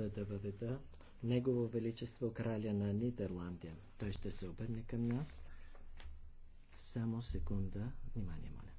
за да въведа Негово Величество Краля на Нидерландия. Той ще се обърне към нас. Само секунда. Внимание, моля.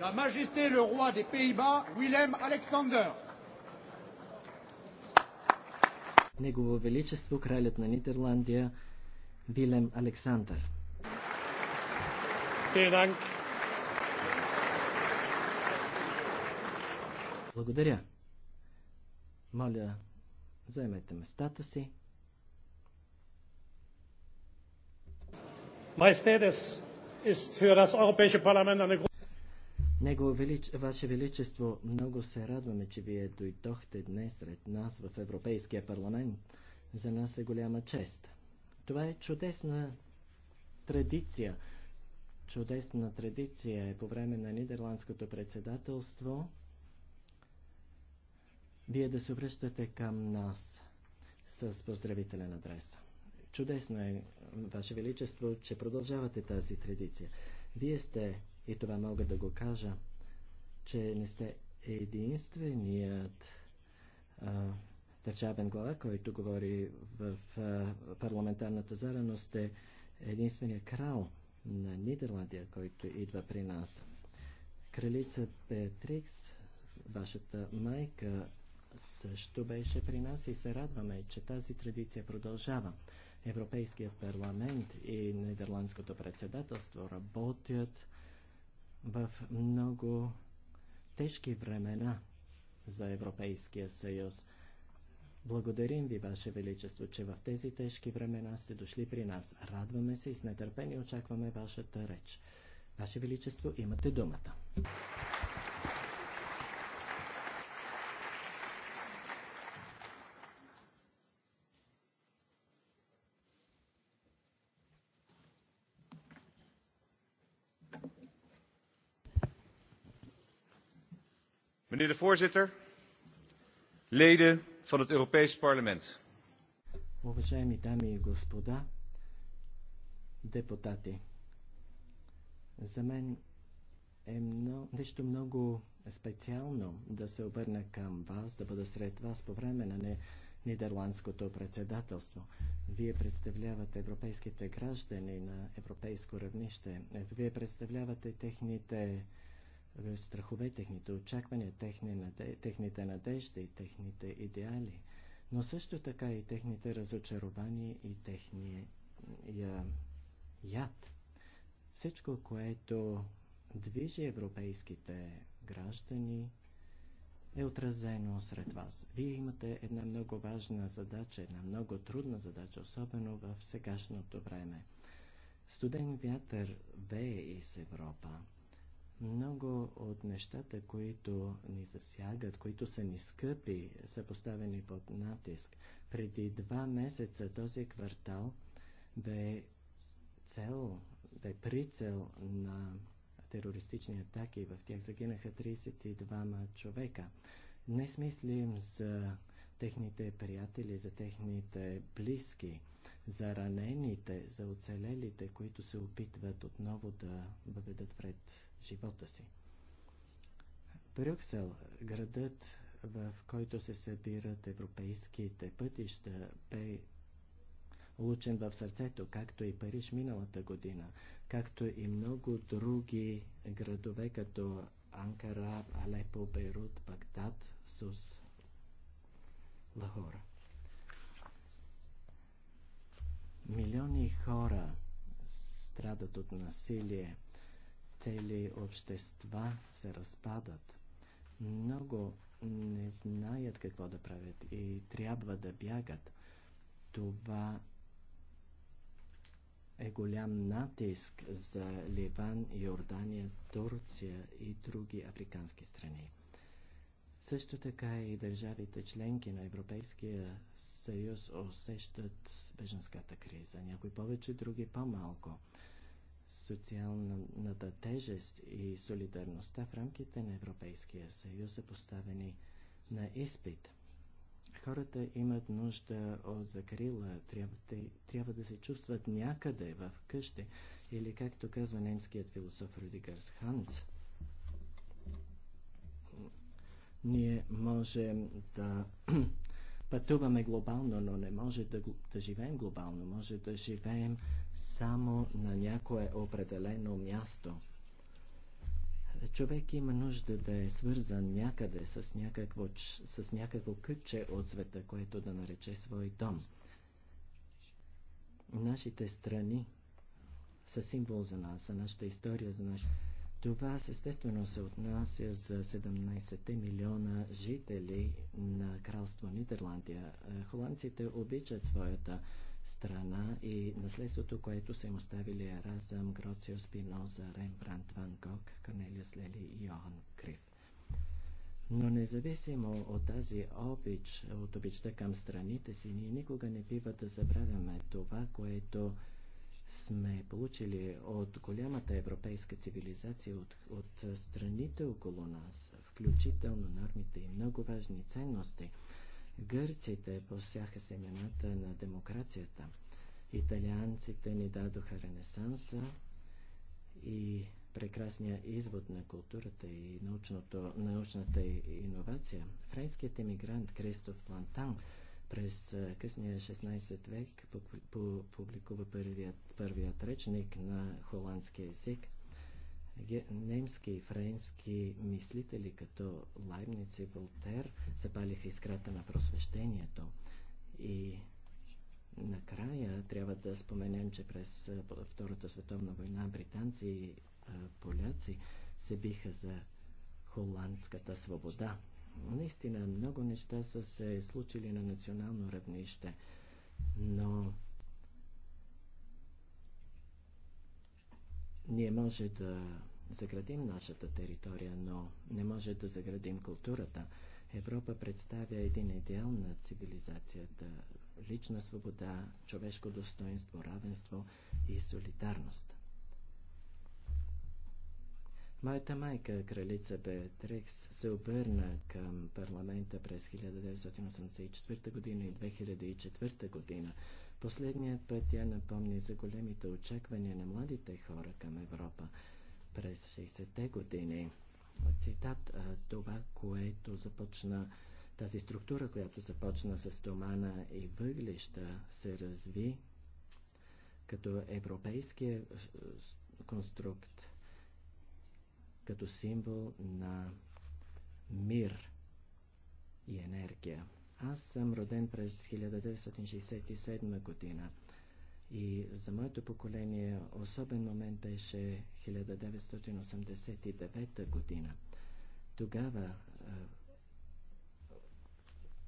Sa Majesté le roi des Pays-Bas, Willem Alexander. Негово Величество, кралят на Нидерландия, Вилем Александър. Благодаря. Моля, заемете местата си. Majestät, es ist für das Europäische Parlament eine него велич... Ваше Величество, много се радваме, че Вие дойдохте днес сред нас в Европейския парламент. За нас е голяма чест. Това е чудесна традиция. Чудесна традиция е по време на Нидерландското председателство Вие да се обръщате към нас с поздравителен адрес. Чудесно е, Ваше Величество, че продължавате тази традиция. Вие сте и това мога да го кажа, че не сте единственият а, държавен глава, който говори в а, парламентарната зара, но сте единственият крал на Нидерландия, който идва при нас. Кралица Петрикс, вашата майка, също беше при нас и се радваме, че тази традиция продължава. Европейският парламент и Нидерландското председателство работят в много тежки времена за Европейския съюз. Благодарим ви, Ваше Величество, че в тези тежки времена сте дошли при нас. Радваме се и с нетърпение очакваме Вашата реч. Ваше Величество, имате думата. Meneer de voorzitter, leden van het Europees parlement. Уважаеми дами и господа, депутати, за мен е много, нещо много специално да се обърна към вас, да бъда сред вас по време на не, нидерландското председателство. Вие представлявате европейските граждани на европейско равнище. Вие представлявате техните страхове, техните очаквания, техните надежди, техните идеали, но също така и техните разочарования и техния яд. Всичко, което движи европейските граждани, е отразено сред вас. Вие имате една много важна задача, една много трудна задача, особено в сегашното време. Студен вятър вее из Европа. Много от нещата, които ни засягат, които са ни скъпи, са поставени под натиск. Преди два месеца този квартал бе цел, бе прицел на терористични атаки. В тях загинаха 32 човека. Днес мислим за техните приятели, за техните близки, за ранените, за оцелелите, които се опитват отново да въведат вред живота си. Брюксел, градът, в който се събират европейските пътища, бе лучен в сърцето, както и Париж миналата година, както и много други градове, като Анкара, Алепо, Бейрут, Багдад, Сус, Лахора. Милиони хора страдат от насилие, цели общества се разпадат. Много не знаят какво да правят и трябва да бягат. Това е голям натиск за Ливан, Йордания, Турция и други африкански страни. Също така и държавите членки на Европейския съюз усещат беженската криза. Някои повече, други по-малко социалната тежест и солидарността в рамките на Европейския съюз са поставени на изпит. Хората имат нужда от закрила, трябва да, трябва да се чувстват някъде в къщи или както казва немският философ Рудигърс Ханц. Ние можем да пътуваме глобално, но не може да, да живеем глобално, може да живеем само на някое определено място. Човек има нужда да е свързан някъде с някакво, с някакво кътче от света, което да нарече свой дом. Нашите страни са символ за нас, за нашата история, за нашата това естествено се отнася за 17 милиона жители на кралство Нидерландия. Е, холандците обичат своята страна и наследството, което са им оставили Еразъм, Гроцио Спиноза, Рембрандт, Ван Гог, Корнелиус Лели и Йоан Крив. Но независимо от тази обич, от обичта към страните си, ние никога не бива да забравяме това, което сме получили от голямата европейска цивилизация, от, от страните около нас, включително нормите и много важни ценности. Гърците посяха семената на демокрацията. Италианците ни дадоха Ренесанса и прекрасния извод на културата и научното, научната иновация. Френският емигрант Кристоф Плантан – през късния 16 век публикува първият, първият речник на холандски език. Немски и френски мислители като Лайбниц и Волтер запалиха искрата на просвещението и Накрая трябва да споменем, че през Втората световна война британци и поляци се биха за холандската свобода. Наистина, много неща са се случили на национално равнище, но ние може да заградим нашата територия, но не може да заградим културата. Европа представя един идеал на цивилизацията – лична свобода, човешко достоинство, равенство и солидарност. Моята майка, кралица Беатрикс, се обърна към парламента през 1984 година и 2004 година. Последният път тя напомни за големите очаквания на младите хора към Европа през 60-те години. Цитат това, което започна тази структура, която започна с томана и въглища, се разви като европейския конструкт като символ на мир и енергия. Аз съм роден през 1967 година и за моето поколение особен момент беше 1989 година. Тогава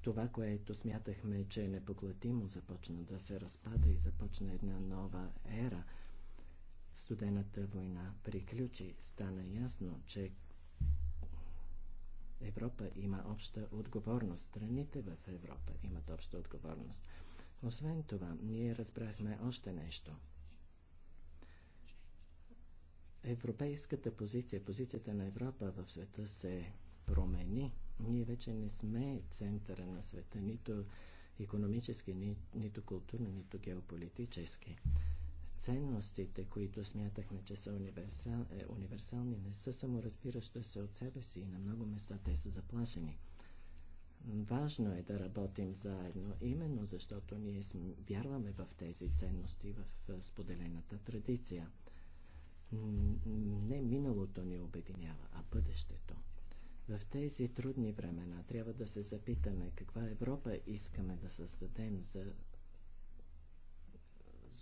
това, което смятахме, че е непоклатимо, започна да се разпада и започна една нова ера – студената война приключи, стана ясно, че Европа има обща отговорност. Страните в Европа имат обща отговорност. Освен това, ние разбрахме още нещо. Европейската позиция, позицията на Европа в света се промени. Ние вече не сме центъра на света, нито економически, ни, нито културно, нито геополитически ценностите, които смятахме, че са универсал, е, универсални, не са саморазбиращи се от себе си и на много места те са заплашени. Важно е да работим заедно, именно защото ние вярваме в тези ценности, в е, споделената традиция. Не миналото ни обединява, а бъдещето. В тези трудни времена трябва да се запитаме каква Европа искаме да създадем за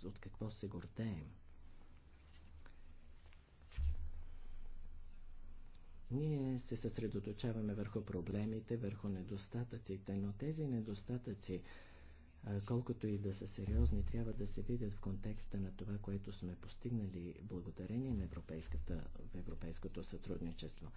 от какво се гордеем. Ние се съсредоточаваме върху проблемите, върху недостатъците, но тези недостатъци, колкото и да са сериозни, трябва да се видят в контекста на това, което сме постигнали благодарение на европейската, европейското сътрудничество.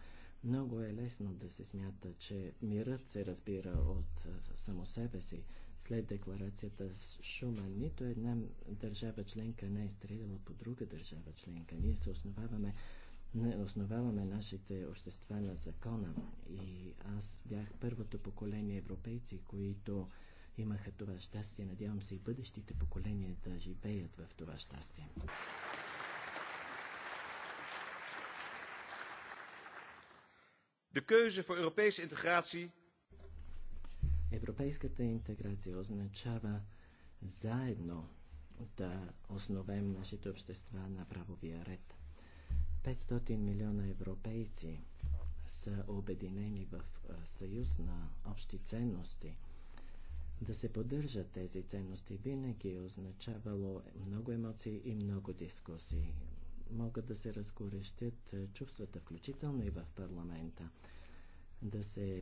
Много е лесно да се смята, че мирът се разбира от само себе си, след декларацията с Шуман, нито една държава членка не е стреляла по друга държава членка. Ние се основаваме, не основаваме нашите общества на закона. И аз бях първото поколение европейци, които имаха това щастие. Надявам се и бъдещите поколения да живеят в това щастие. De keuze voor Europese integratie Европейската интеграция означава заедно да основем нашите общества на правовия ред. 500 милиона европейци са обединени в съюз на общи ценности. Да се поддържат тези ценности винаги е означавало много емоции и много дискусии. Могат да се разкорещат чувствата, включително и в парламента. Да се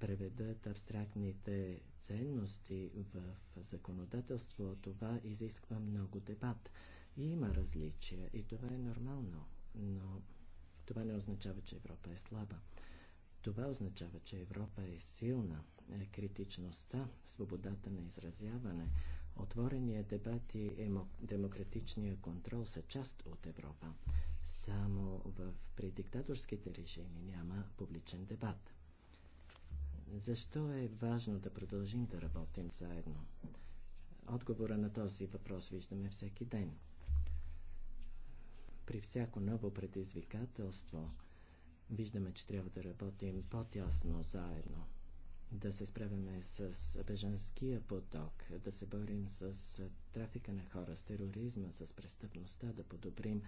преведат абстрактните ценности в законодателство, това изисква много дебат. И има различия и това е нормално, но това не означава, че Европа е слаба. Това означава, че Европа е силна. Е критичността, свободата на изразяване, отворения дебат и демократичния контрол са част от Европа. Само в, при диктаторските режими няма публичен дебат. Защо е важно да продължим да работим заедно? Отговора на този въпрос виждаме всеки ден. При всяко ново предизвикателство виждаме, че трябва да работим по-тясно заедно. Да се справяме с бежанския поток, да се борим с трафика на хора, с тероризма, с престъпността, да подобрим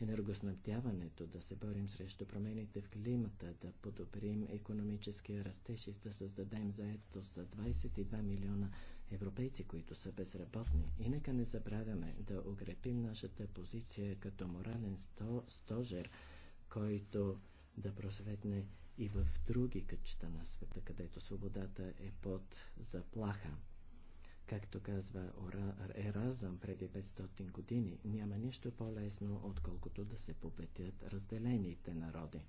енергоснабдяването, да се борим срещу промените в климата, да подобрим економическия растеж и да създадем заедност за 22 милиона европейци, които са безработни. И нека не забравяме да укрепим нашата позиция като морален сто, стожер, който да просветне и в други кътчета на света, където свободата е под заплаха. Както казва Еразъм преди 500 години, няма нищо по-лесно, отколкото да се победят разделените народи.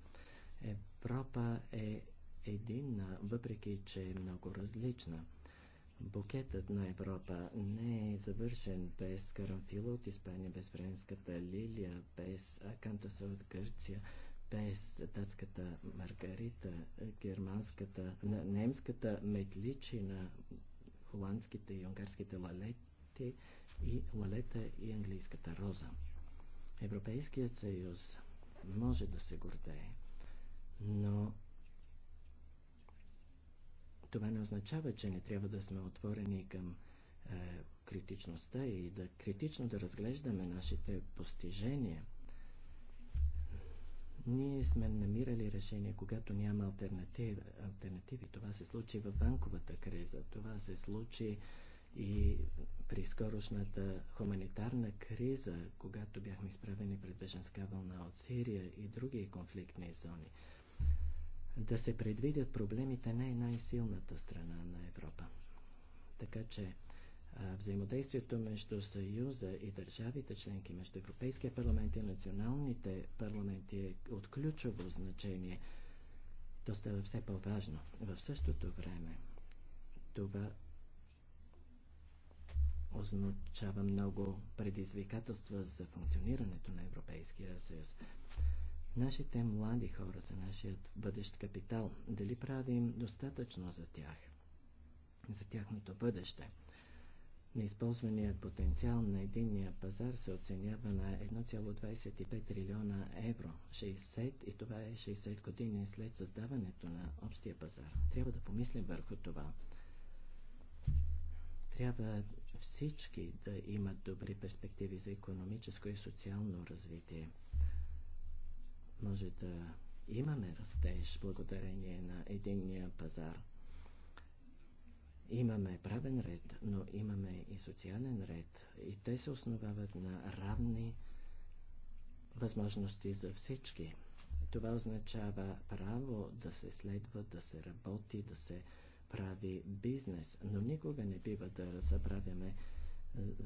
Европа е единна, въпреки че е много различна. Букетът на Европа не е завършен без карамфила от Испания, без френската лилия, без Кантоса от Гърция, без датската маргарита, германската, немската метличина, холандските и унгарските лалети и лалета и английската роза. Европейският съюз може да се гордее, но това не означава, че не трябва да сме отворени към е, критичността и да критично да разглеждаме нашите постижения – ние сме намирали решение, когато няма альтернатив, альтернативи. Това се случи в банковата криза, това се случи и при скорошната хуманитарна криза, когато бяхме изправени пред беженска вълна от Сирия и други конфликтни зони. Да се предвидят проблемите не е най-силната страна на Европа. Така че взаимодействието между Съюза и държавите членки, между Европейския парламент и националните парламенти е от ключово значение. То става все по-важно. В същото време това означава много предизвикателства за функционирането на Европейския съюз. Нашите млади хора са нашият бъдещ капитал. Дали правим достатъчно за тях? За тяхното бъдеще? Неизползваният потенциал на единния пазар се оценява на 1,25 трилиона евро, 60 и това е 60 години след създаването на общия пазар. Трябва да помислим върху това. Трябва всички да имат добри перспективи за економическо и социално развитие. Може да имаме растеж благодарение на единния пазар. Имаме правен ред, но имаме и социален ред и те се основават на равни възможности за всички. Това означава право да се следва, да се работи, да се прави бизнес, но никога не бива да забравяме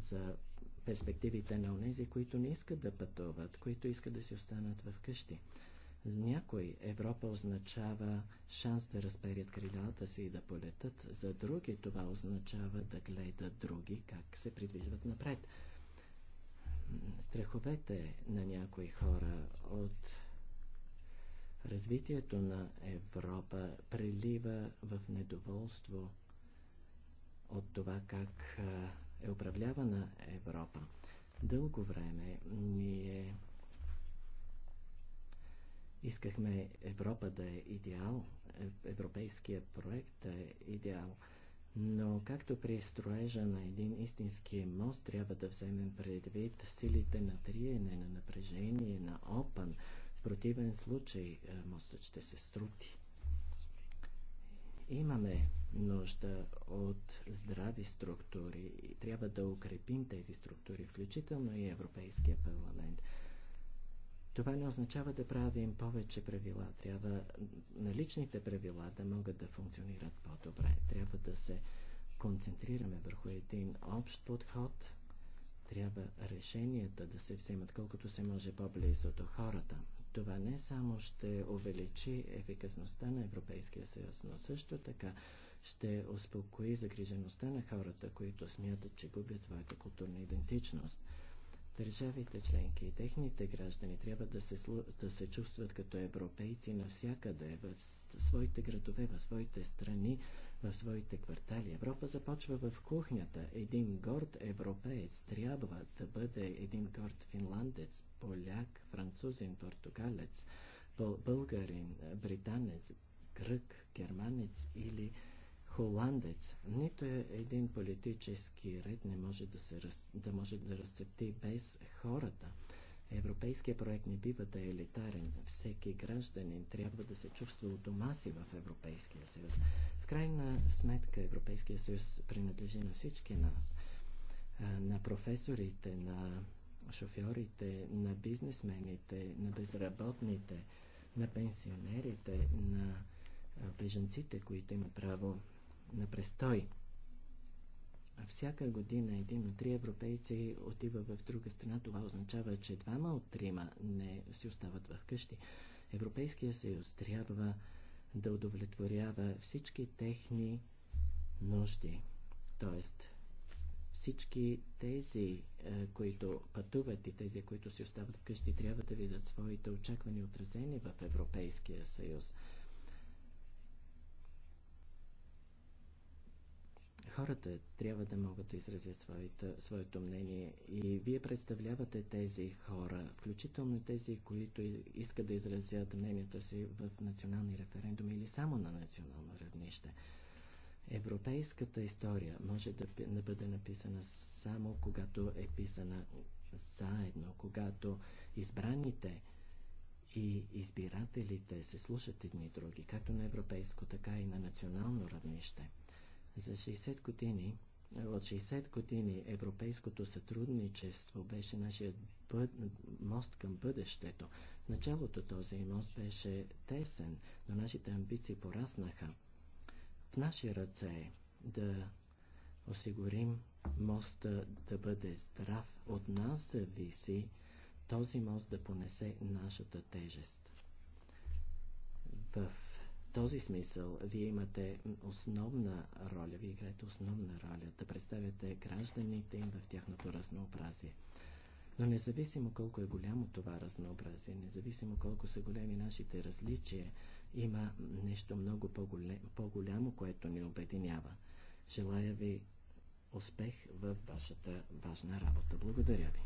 за перспективите на онези, които не искат да пътуват, които искат да си останат в къщи. За някой Европа означава шанс да разперят крилята си и да полетат, за други това означава да гледат други как се придвижват напред. Страховете на някои хора от развитието на Европа прелива в недоволство от това как е управлявана Европа. Дълго време ние Искахме Европа да е идеал, е, европейския проект да е идеал. Но както при строежа на един истински мост трябва да вземем предвид силите на триене, на напрежение, на опан. В противен случай е, мостът ще се струти. Имаме нужда от здрави структури и трябва да укрепим тези структури, включително и Европейския парламент. Това не означава да правим повече правила. Трябва наличните правила да могат да функционират по-добре. Трябва да се концентрираме върху един общ подход. Трябва решенията да се вземат колкото се може по-близо до хората. Това не само ще увеличи ефикасността на Европейския съюз, но също така ще успокои загрижеността на хората, които смятат, че губят своята културна идентичност. Държавите членки и техните граждани трябва да се, да се чувстват като европейци навсякъде, в своите градове, в своите страни, в своите квартали. Европа започва в кухнята. Един горд европеец трябва да бъде един горд финландец, поляк, французин, португалец, българин, британец, грък, германец или холандец, нито е един политически ред не може да, се раз, да може да разцепти без хората. Европейския проект не бива да е елитарен. Всеки гражданин трябва да се чувства у дома си в Европейския съюз. В крайна сметка Европейския съюз принадлежи на всички нас. На професорите, на шофьорите, на бизнесмените, на безработните, на пенсионерите, на беженците, които имат право на престой. А всяка година един от три европейци отива в друга страна. Това означава, че двама от трима не си остават в къщи. Европейския съюз трябва да удовлетворява всички техни нужди. Тоест, всички тези, е, които пътуват и тези, които си остават вкъщи, трябва да видят своите очаквания отразени в Европейския съюз. хората трябва да могат да изразят своята, своето мнение и вие представлявате тези хора, включително тези, които искат да изразят мнението си в национални референдуми или само на национално равнище. Европейската история може да, да бъде написана само когато е писана заедно, когато избраните и избирателите се слушат едни други, както на европейско, така и на национално равнище. За 60 години, от 60 години европейското сътрудничество беше нашият бъд, мост към бъдещето. В началото този мост беше тесен, но нашите амбиции пораснаха. В наши ръце е да осигурим моста да бъде здрав. От нас зависи този мост да понесе нашата тежест. В този смисъл вие имате основна роля, вие играете основна роля да представяте гражданите им в тяхното разнообразие. Но независимо колко е голямо това разнообразие, независимо колко са големи нашите различия, има нещо много по-голямо, по което ни обединява. Желая ви успех в вашата важна работа. Благодаря ви.